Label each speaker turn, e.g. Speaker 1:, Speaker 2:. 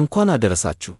Speaker 1: እንኳን አደረሳችሁ።